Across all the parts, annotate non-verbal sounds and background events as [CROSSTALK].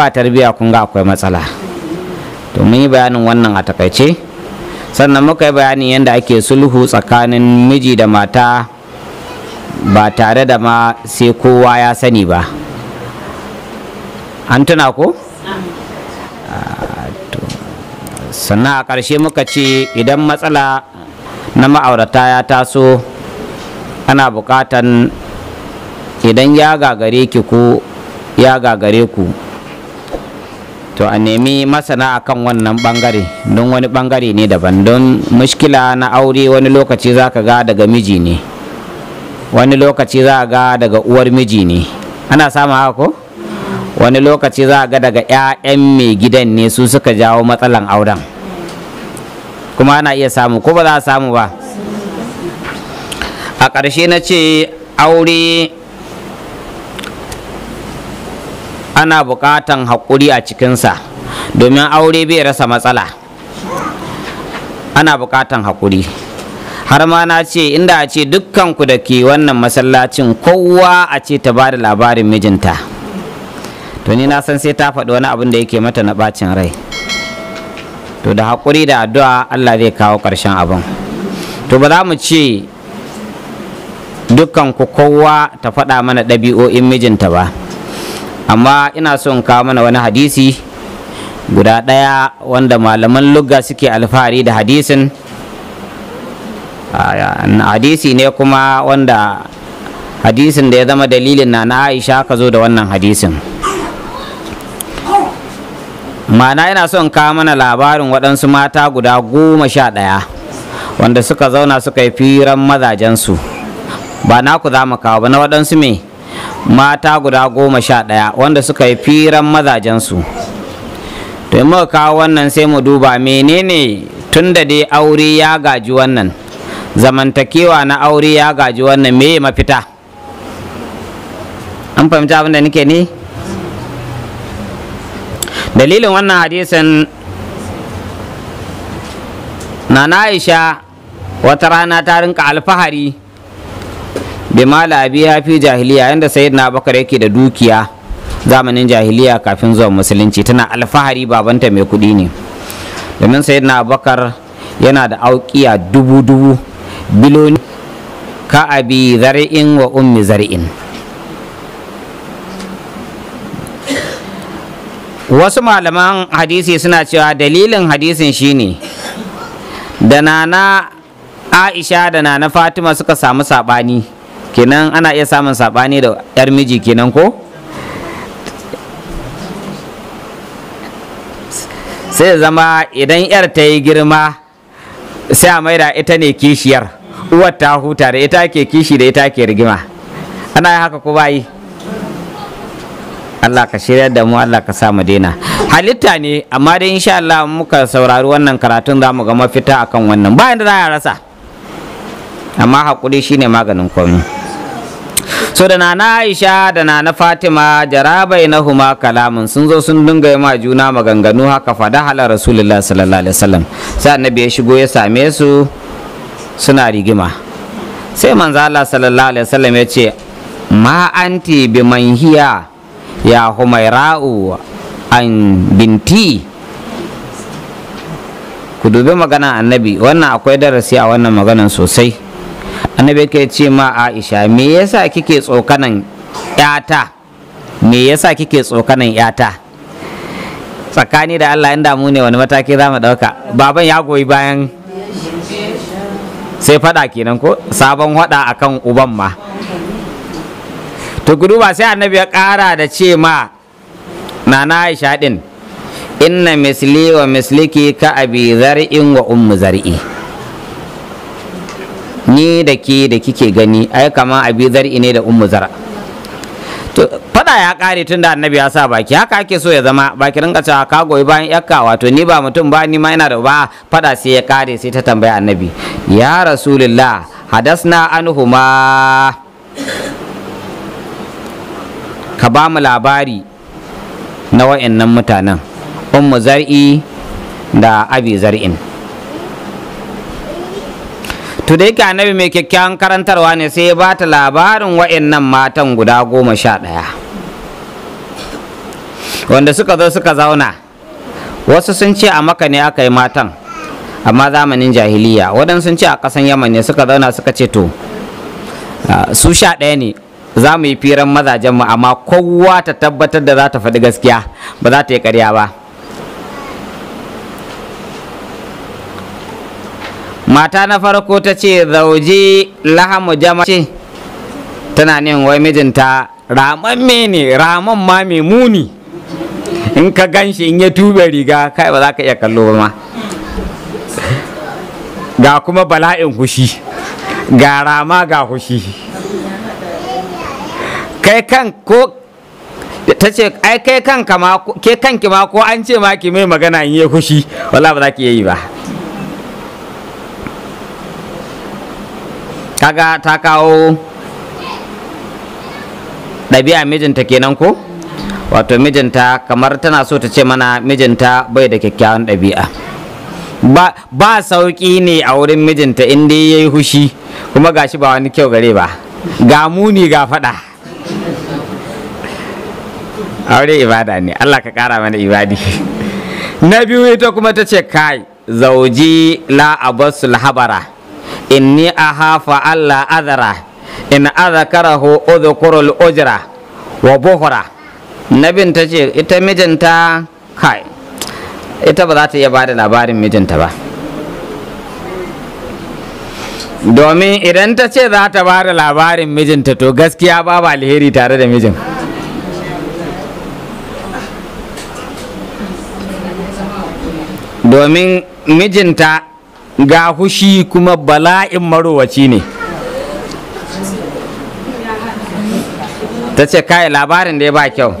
ba tarbiya kun ga akwai matsala to mun yi bayanin wannan a takaice sannan muka yi bayanin yadda ake sulhu tsakanin miji da mata ba tare da ma sai kowa ya sani ba an tuna ko? Ah, sannan a ƙarshe muka ce idan matsala na ma'aurata ya taso ana buƙatan idan ya gagare ki ko ya gagare ku to a nemi masana akan wannan bangare don wani bangare ne daban don mushkila na aure wani lokaci za ka ga daga miji ne wani lokaci za ga daga uwar miji ne ana samu haka ko wani lokaci za ga daga 'ya'yan mai gidan ne su suka jawo matsalan auren kuma ana iya samu ko ba za a samu ba a ƙarshe na ce aure ana buƙatan haƙuri a cikinsa domin aure bai rasa matsala ana buƙatan haƙuri har ma na ce inda a ce dukkanku da ke wannan masallacin kowa a ce ta ba da labarin mijinta to ni na san sai ta faɗi wani abin da yake mata na ɓacin rai to da haƙuri da addu'a allah zai kawo ƙarshen abin to ba za mu ce dukkanku kowa ta faɗa mana ɗabi'o'in mijinta ba amma ina son kawo mana wani hadisi guda ɗaya wanda malaman lugga suke alfahari da hadisin ah, hadisi ne kuma wanda hadisin da ya zama dalilin na na aisha ka zo da wannan hadisin mana yana son kawo mana labarin waɗansu mata guda goma sha ɗaya wanda suka zauna suka yi firan mazajensu ba na ku za mu kawo ba na waɗansu me mata guda goma sha ɗaya wanda suka yi firan mazajensu to in muka kawo wannan sai mu duba menene tun da dai aure ya gaji wannan zamantakewa na aure ya gaji wannan me mafita an fahimci abin da nake ne dalilin wannan hadisin na na aisha wata rana ta rinka alfahari bima labiya fi jahiliya yanda sayyidina abubakar yake da dukiya zamanin jahiliya kafin zuwa musulunci tana alfahari babanta mai kuɗi ne domin sayyidina abubakar yana da aukiya dubu dubu biloni ka abi zari'in wa ummi zari'in wasu malaman hadisi suna cewa dalilin hadisin shine da nana aisha da nana fatima suka samu saɓani kenan ana iya samun saɓani da 'yar miji kenan ko sai zama idan 'yar ta yi girma sai a maida ita ne kishiyar uwar ta huta da ita ke kishi da ita ke rigima ana haka ko bayi Allah ka shirya da mu Allah ka sa mu daina halitta ne amma dai insha Allah muka saurari wannan karatun za mu ga mafita akan wannan bayan da za a rasa amma hakuri shine maganin komai so da nana aisha da nana fatima jarabai na huma kalamun sun zo sun dinga ma juna maganganu haka fada hala rasulullah sallallahu alaihi wasallam sai annabi ya shigo ya same su suna rigima sai manzo Allah sallallahu alaihi wasallam ya ce ma anti bi manhiya ya humaira'u an binti ku dubi magana annabi wannan akwai darasi a wannan maganan sosai annabi yake ce ma aisha me yasa kike tsokanan yata me yasa kike tsokanan yata tsakani da allah inda mu ne wani mataki za mu ɗauka baban ya goyi bayan sai faɗa kenan ko sabon hada akan uban ma to ba sai annabi ya kara da ce ma nana aisha ɗin inna misli wa misliki ka abi zar'in wa ummu zar'i Ni da ke da kike gani ai kama abi zar'i ne da ummu zara to fada ya kare tun da annabi ya sa baki haka ake so ya zama baki ringa cewa ka goyi bayan yakka wato ni ba mutum ba ni ma ina da ba fada sai ya kare sai ta tambaya annabi ya rasulullah hadasna anhuma ka ba mu labari na wa'annan mutanen ummu zar'i da abi zar'in to da mai kyakkyawan karantarwa ne sai ya ba ta labarin wa'annan matan guda goma sha ɗaya wanda suka zo suka zauna wasu sun ce a maka ne aka yi matan amma zamanin jahiliya waɗansu sun ce a ƙasan yaman ne suka zauna suka ce to su sha ɗaya ne za mu yi firan mazajenmu amma kowa ta tabbatar da za ta faɗi gaskiya ba za ta yi ƙarya ba mata na farko ta ce zauje lahamu jama ce tana nin wai mijinta me ne raman ma mai muni in ka gan shi in ya tube riga kai ba za ka iya kallo ba ma ga kuma bala'in hushi ga rama ga hushi kai kan ko ta ce ai kai kanka ma ke kanki ma ko an ce ma ki mai magana in yi hushi wala ba za ki yi ba kaga ta kawo ɗabi'a mijinta kenan ko wato mijinta kamar tana so ta ce mana mijinta bai da kyakkyawan ɗabi'a ba sauƙi ne a wurin mijinta inda ya yi hushi kuma gashi ba wani kyau gare ba ga muni ga faɗa aure ibada ne allah ka ƙara mana ibadi [LAUGHS] na biyu ita kuma ta ce kai zauji la abasul habara inni ahafa Allah adara in adhakarahu udhkurul ujra wa buhra nabin ta ce ita mijinta kai ita ba za ta iya ba da labarin mijinta ba domin idan ta ce za ta ba da labarin mijinta to gaskiya ba ba alheri tare da mijin domin mijinta ga hushi kuma bala'in marowaci ne ta ce kai labarin da ya ba kyau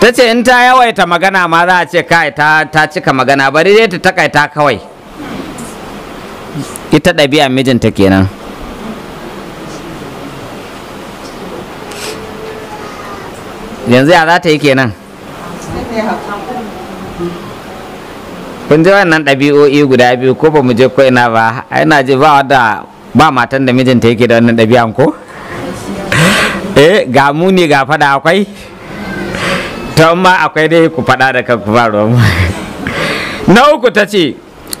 ta ce in ta yawaita magana ma za a ce kai ta cika magana bari dai ta takaita kawai ita ɗabi'a mijinta kenan yanzu ya za ta yi kenan kun ji wannan ɗabi'o'i guda biyu ko ba mu je ko ina ba ina ji ba wadda ba matan da mijinta yake da wannan ɗabi'an ko [LAUGHS] eh ga muni ga fada akwai ta ma akwai dai ku fada da kanku ba ruwan [LAUGHS] na uku ta ce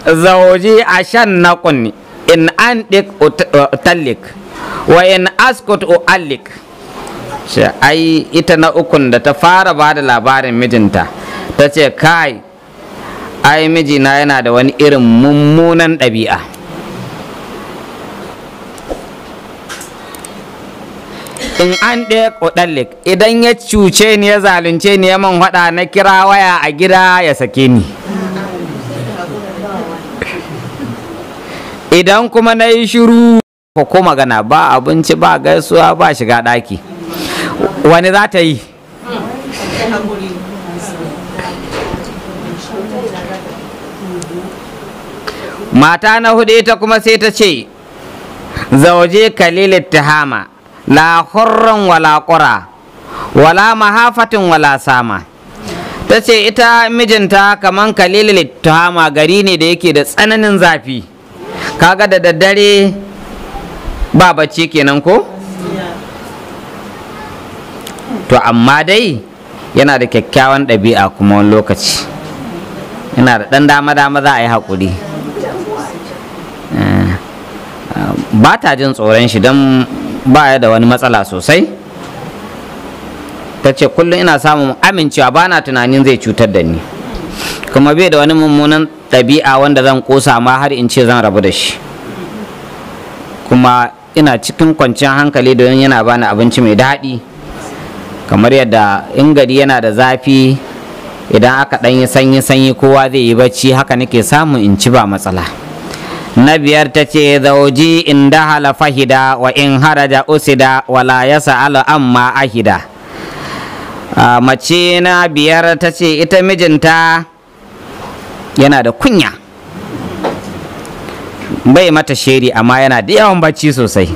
zauji a shan naƙun in an ɗik tallik wa in askot o allik ai ita na ukun da ta fara ba da labarin mijinta ta ce kai ai mijina yana da wani irin mummunan ɗabi'a in an ɗaya ƙudallik idan ya cuce ni ya zalunce ni ya man haɗa na kira waya a gida ya sake ni idan kuma na yi shiru ko magana ba abinci ba gaisuwa ba shiga ɗaki wani za ta yi mata na hudu ita kuma sai ta ce zauje kalil ittihama la hurran wala qura wala mahafatin wala sama ta ce ita mijinta kamar kalil ittihama gari ne da yake da tsananin zafi kaga da daddare ba bacci kenan ko to amma dai yana da kyakkyawan ɗabi'a kuma wani lokaci yana da ɗan dama-dama za a yi haƙuri ba ta jin tsoron shi don ba da wani matsala sosai ta ce kullum ina samun amincewa ba na tunanin zai cutar da ni kuma bai da wani mummunan ɗabi'a wanda zan kosa ma har in ce zan rabu da shi kuma ina cikin kwanciyar hankali don yana bani abinci mai daɗi kamar yadda in gari yana da zafi idan aka ɗanyi sanyi-sanyi kowa zai yi bacci haka nake samun in ci ba matsala. na biyar ta ce zauji in dahala fahida wa in haraja usida wala ya sa'ala amma ahida mace na biyar ta ce ita mijinta yana da kunya bai mata sheri amma yana da yawan bacci sosai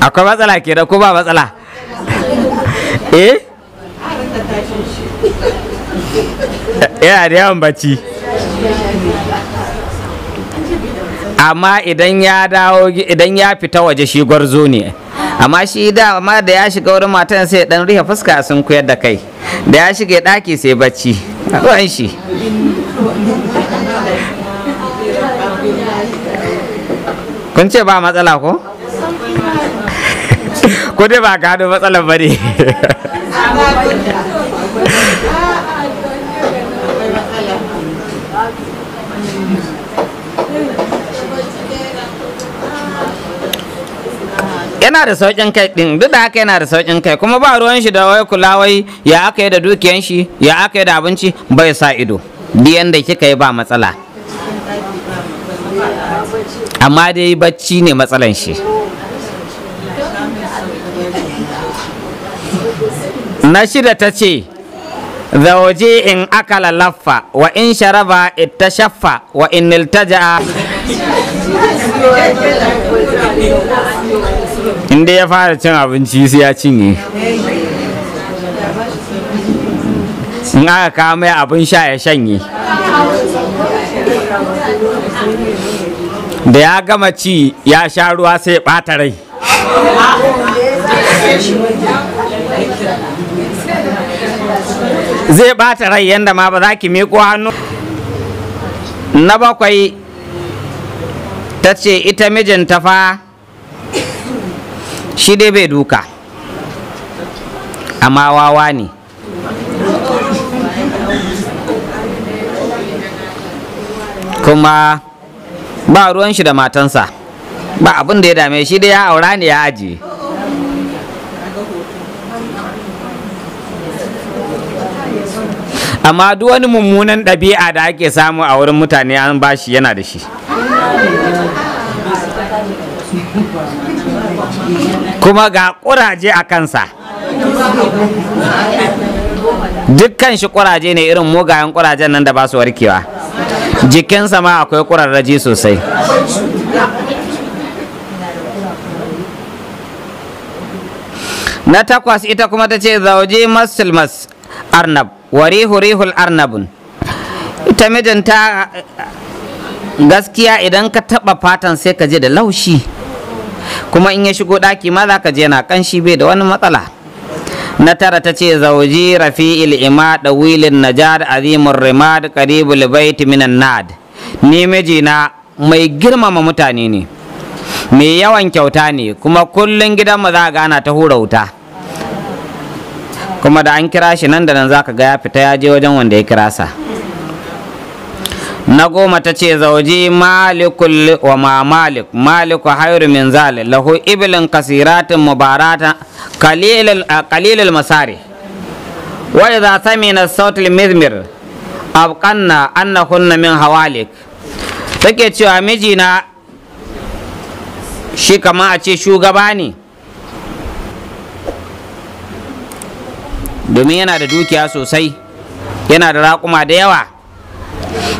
akwai matsala ke da ko ba matsala eh yana da yawan bacci amma idan ya dawo idan ya fita waje shi gwarzo ne amma shi da amma da ya shiga wurin matan sai dan rufe fuska sun koyar da kai da ya shiga daki sai bacci ruwan shi kun ce ba matsala ko [LAUGHS] ko dai ba gado matsalar bane [LAUGHS] yana da sauƙin kai ɗin duk da haka yana da sauƙin kai kuma ba ruwan shi da wai kula wai ya aka yi da dukiyan shi ya aka yi da abinci bai sa ido diyan da kika yi ba matsala amma dai bacci ne matsalan shi na shida ta ce waje in akala laffa wa in sharaba ita shaffa wa in niltaja [LAUGHS] inda ya fara cin abinci sai ya cinye in aka kawo mai abin sha ya shanye da ya gama ci ya sha ruwa sai ɓata rai zai ɓata rai yadda ma ba za ki miko hannu na bakwai ta ce ita mijinta fa shi dai bai duka amma wawa ne kuma ba ruwan shi da matansa ba abin da ya dame shi dai ya aura ne ya ajiye amma duk wani mummunan ɗabi'a da ake samu a wurin mutane an bashi yana da shi kuma ga ƙuraje a kansa dukkan shi ƙuraje ne irin mugayen ƙurajen nan da ba su warkewa jikinsa ma akwai ƙurarraji sosai na takwas ita kuma ta ce zauje masulmas arnab wari hurihul arnabun ita mijinta gaskiya idan ka taɓa fatan sai ka je da laushi kuma in ya shigo ɗaki ma za ka je na kanshi bai da wani matsala na tara ta ce zauji rafi, il'ima da wilin najad azimun rimad karibul bait minan nad ni mijina mai girmama mutane ne mai yawan kyauta ne kuma kullum gidan mu za a gana ta hura wuta kuma da an kira shi nan da nan za ka ga ya fita ya je wajen wanda ya kira sa na goma ta ce zauji malikul wa ma malik maliku hayru min zal lahu iblin kasiratin mubarata qalilul masari wa idha samina sawt al mizmir abqanna annahunna min hawalik take cewa mijina shi kama a ce shugaba ne domin yana da dukiya sosai yana da raƙuma da yawa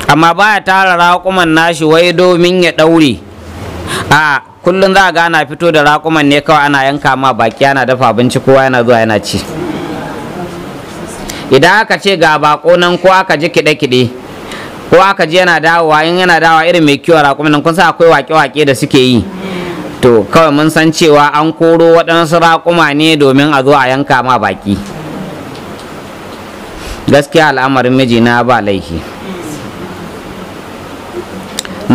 amma ba ya tara raƙuman nashi wai domin ya ɗaure a kullum za a gana fito da raƙuman ne kawai ana yanka ma baki ana dafa abinci kowa yana zuwa yana ci idan aka ce ga bako nan ko aka ji kiɗe-kiɗe ko aka ji yana dawowa in yana dawowa irin mai kiwon raƙuman nan kun sa akwai waƙe-waƙe da suke yi to kawai mun san cewa an koro waɗansu raƙuma ne domin a zo a yanka ma baki gaskiya al'amarin mijina ba laifi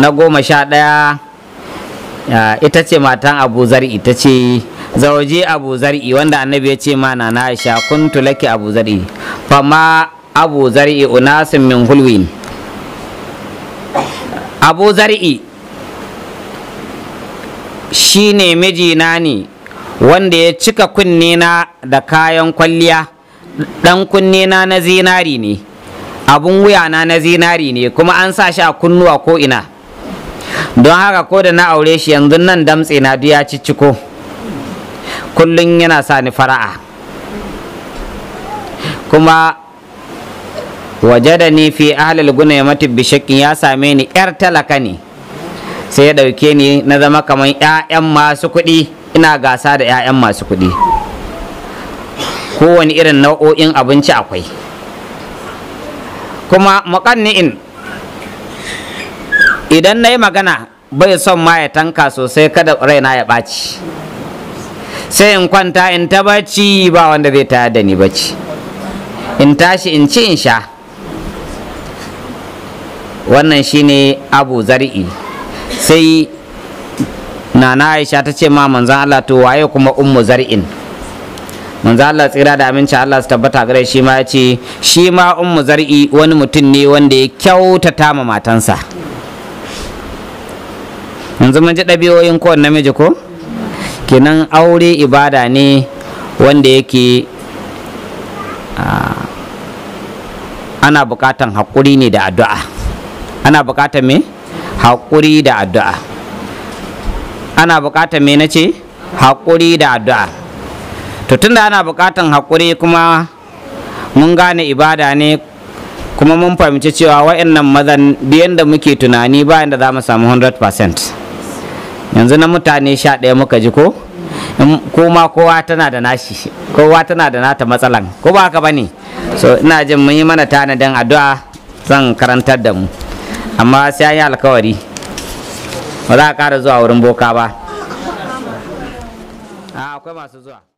na goma sha ɗaya ita ce matan abu zar'i ta ce zawaje abu zar'i wanda annabi ya ce mana na sha kun tulaki abu zar'i ma abu zar'i unasin min hulwin abu zar'i shi ne mijina ne wanda ya cika kunnena da kayan kwalliya ɗan kunnena na zinari ne abun wuyana na zinari ne kuma an sa shi a kunnuwa ko ina don haka ko da na aure shi yanzu nan damtse na duya cicciko kullum yana sa ni fara'a kuma wajada ni fi ahlal guna ya mati bishakin ya same ni yar talaka ne sai ya ɗauke ni na zama kamar 'ya'yan masu kuɗi ina gasa da 'ya'yan masu kuɗi kowane irin nau'o'in abinci akwai kuma muƙanni'in idan na yi magana bai son ma ya tanka sosai kada raina ya ɓaci sai in kwanta in ta bacci ba wanda zai tayar da ni bacci in tashi in ci in sha wannan shine abu zari'i sai nana aisha ta ce ma manzan allah to waye kuma ummu zari'in Manzan Allah tsira da aminci Allah su tabbata gare shi ma ya ce shi ma ummu zar'i wani mutum ne wanda ya kyautata ma matansa yanzu mun ji ɗabi'o'in kowane namiji ko kenan aure ibada ne wanda yake ana buƙatan haƙuri ne da addu'a ana bukatan me haƙuri da addu'a ana bukatan me na ce haƙuri da addu'a to tunda ana buƙatan haƙuri kuma mun gane ibada ne kuma mun fahimci cewa wa'annan mazan biyan da muke tunani bayan da za mu samu 100% yanzu na mutane sha ɗaya muka ji ko kuma kowa tana da nashi kowa tana da nata matsalan ko ba haka bane so ina jin mun yi mana tanadin addu'a zan karantar da mu amma sai an yi alkawari ba za a ƙara zuwa wurin boka ba ah, akwai masu zuwa